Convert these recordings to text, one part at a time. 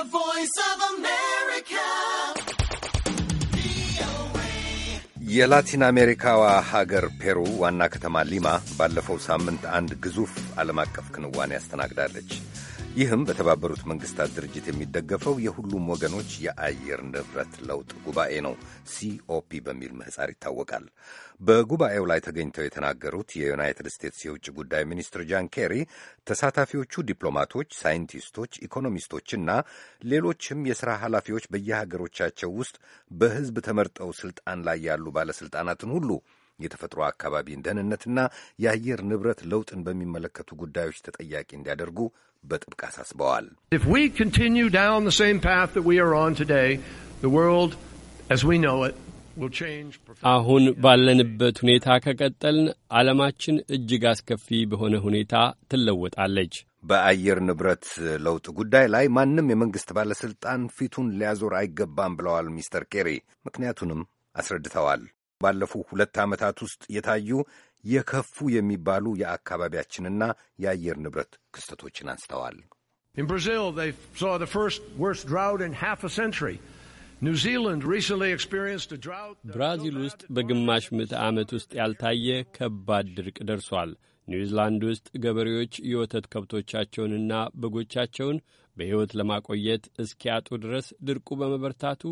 The Voice of America. የላቲን አሜሪካዋ ሀገር ፔሩ ዋና ከተማ ሊማ ባለፈው ሳምንት አንድ ግዙፍ ዓለም አቀፍ ክንዋኔ አስተናግዳለች። ይህም በተባበሩት መንግስታት ድርጅት የሚደገፈው የሁሉም ወገኖች የአየር ንብረት ለውጥ ጉባኤ ነው። ሲኦፒ በሚል ምህጻር ይታወቃል። በጉባኤው ላይ ተገኝተው የተናገሩት የዩናይትድ ስቴትስ የውጭ ጉዳይ ሚኒስትር ጃን ኬሪ ተሳታፊዎቹ ዲፕሎማቶች፣ ሳይንቲስቶች፣ ኢኮኖሚስቶችና ሌሎችም የሥራ ኃላፊዎች በየሀገሮቻቸው ውስጥ በሕዝብ ተመርጠው ሥልጣን ላይ ያሉ ባለሥልጣናትን ሁሉ የተፈጥሮ አካባቢን ደህንነትና የአየር ንብረት ለውጥን በሚመለከቱ ጉዳዮች ተጠያቂ እንዲያደርጉ በጥብቅ አሳስበዋል። አሁን ባለንበት ሁኔታ ከቀጠልን ዓለማችን እጅግ አስከፊ በሆነ ሁኔታ ትለወጣለች። በአየር ንብረት ለውጥ ጉዳይ ላይ ማንም የመንግሥት ባለሥልጣን ፊቱን ሊያዞር አይገባም ብለዋል ሚስተር ኬሪ። ምክንያቱንም አስረድተዋል። ባለፉ ሁለት ዓመታት ውስጥ የታዩ የከፉ የሚባሉ የአካባቢያችንና የአየር ንብረት ክስተቶችን አንስተዋል። ብራዚል ውስጥ በግማሽ ምዕተ ዓመት ውስጥ ያልታየ ከባድ ድርቅ ደርሷል። ኒውዚላንድ ውስጥ ገበሬዎች የወተት ከብቶቻቸውንና በጎቻቸውን በሕይወት ለማቆየት እስኪያጡ ድረስ ድርቁ በመበርታቱ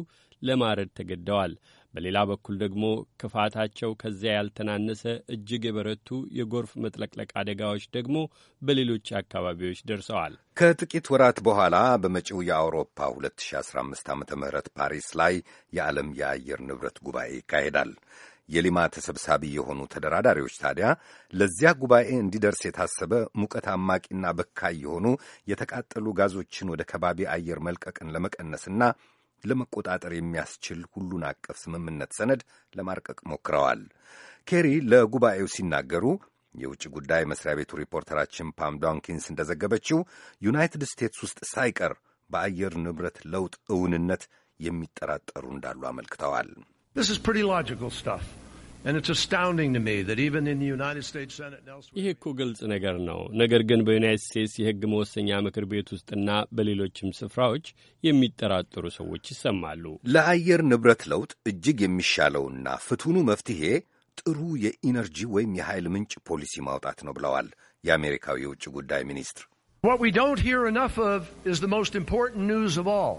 ለማረድ ተገደዋል። በሌላ በኩል ደግሞ ክፋታቸው ከዚያ ያልተናነሰ እጅግ የበረቱ የጎርፍ መጥለቅለቅ አደጋዎች ደግሞ በሌሎች አካባቢዎች ደርሰዋል። ከጥቂት ወራት በኋላ በመጪው የአውሮፓ 2015 ዓ ም ፓሪስ ላይ የዓለም የአየር ንብረት ጉባኤ ይካሄዳል። የሊማ ተሰብሳቢ የሆኑ ተደራዳሪዎች ታዲያ ለዚያ ጉባኤ እንዲደርስ የታሰበ ሙቀት አማቂና በካይ የሆኑ የተቃጠሉ ጋዞችን ወደ ከባቢ አየር መልቀቅን ለመቀነስና ለመቆጣጠር የሚያስችል ሁሉን አቀፍ ስምምነት ሰነድ ለማርቀቅ ሞክረዋል። ኬሪ ለጉባኤው ሲናገሩ የውጭ ጉዳይ መስሪያ ቤቱ ሪፖርተራችን ፓም ዶንኪንስ እንደዘገበችው ዩናይትድ ስቴትስ ውስጥ ሳይቀር በአየር ንብረት ለውጥ እውንነት የሚጠራጠሩ እንዳሉ አመልክተዋል። ይህ እኮ ግልጽ ነገር ነው። ነገር ግን በዩናይት ስቴትስ የሕግ መወሰኛ ምክር ቤት ውስጥና በሌሎችም ስፍራዎች የሚጠራጠሩ ሰዎች ይሰማሉ። ለአየር ንብረት ለውጥ እጅግ የሚሻለውና ፍቱኑ መፍትሄ ጥሩ የኢነርጂ ወይም የኃይል ምንጭ ፖሊሲ ማውጣት ነው ብለዋል የአሜሪካው የውጭ ጉዳይ ሚኒስትር። What we don't hear enough of is the most important news of all.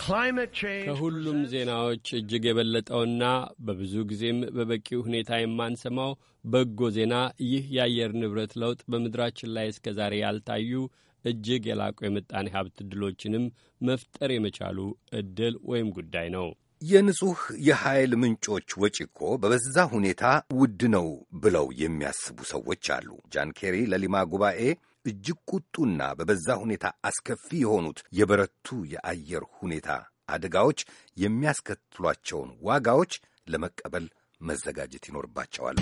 ከሁሉም ዜናዎች እጅግ የበለጠውና በብዙ ጊዜም በበቂ ሁኔታ የማንሰማው በጎ ዜና ይህ የአየር ንብረት ለውጥ በምድራችን ላይ እስከ ዛሬ ያልታዩ እጅግ የላቁ የምጣኔ ሀብት ዕድሎችንም መፍጠር የመቻሉ ዕድል ወይም ጉዳይ ነው። የንጹሕ የኃይል ምንጮች ወጪ እኮ በበዛ ሁኔታ ውድ ነው ብለው የሚያስቡ ሰዎች አሉ። ጃን ኬሪ ለሊማ ጉባኤ እጅግ ቁጡና በበዛ ሁኔታ አስከፊ የሆኑት የበረቱ የአየር ሁኔታ አደጋዎች የሚያስከትሏቸውን ዋጋዎች ለመቀበል መዘጋጀት ይኖርባቸዋል።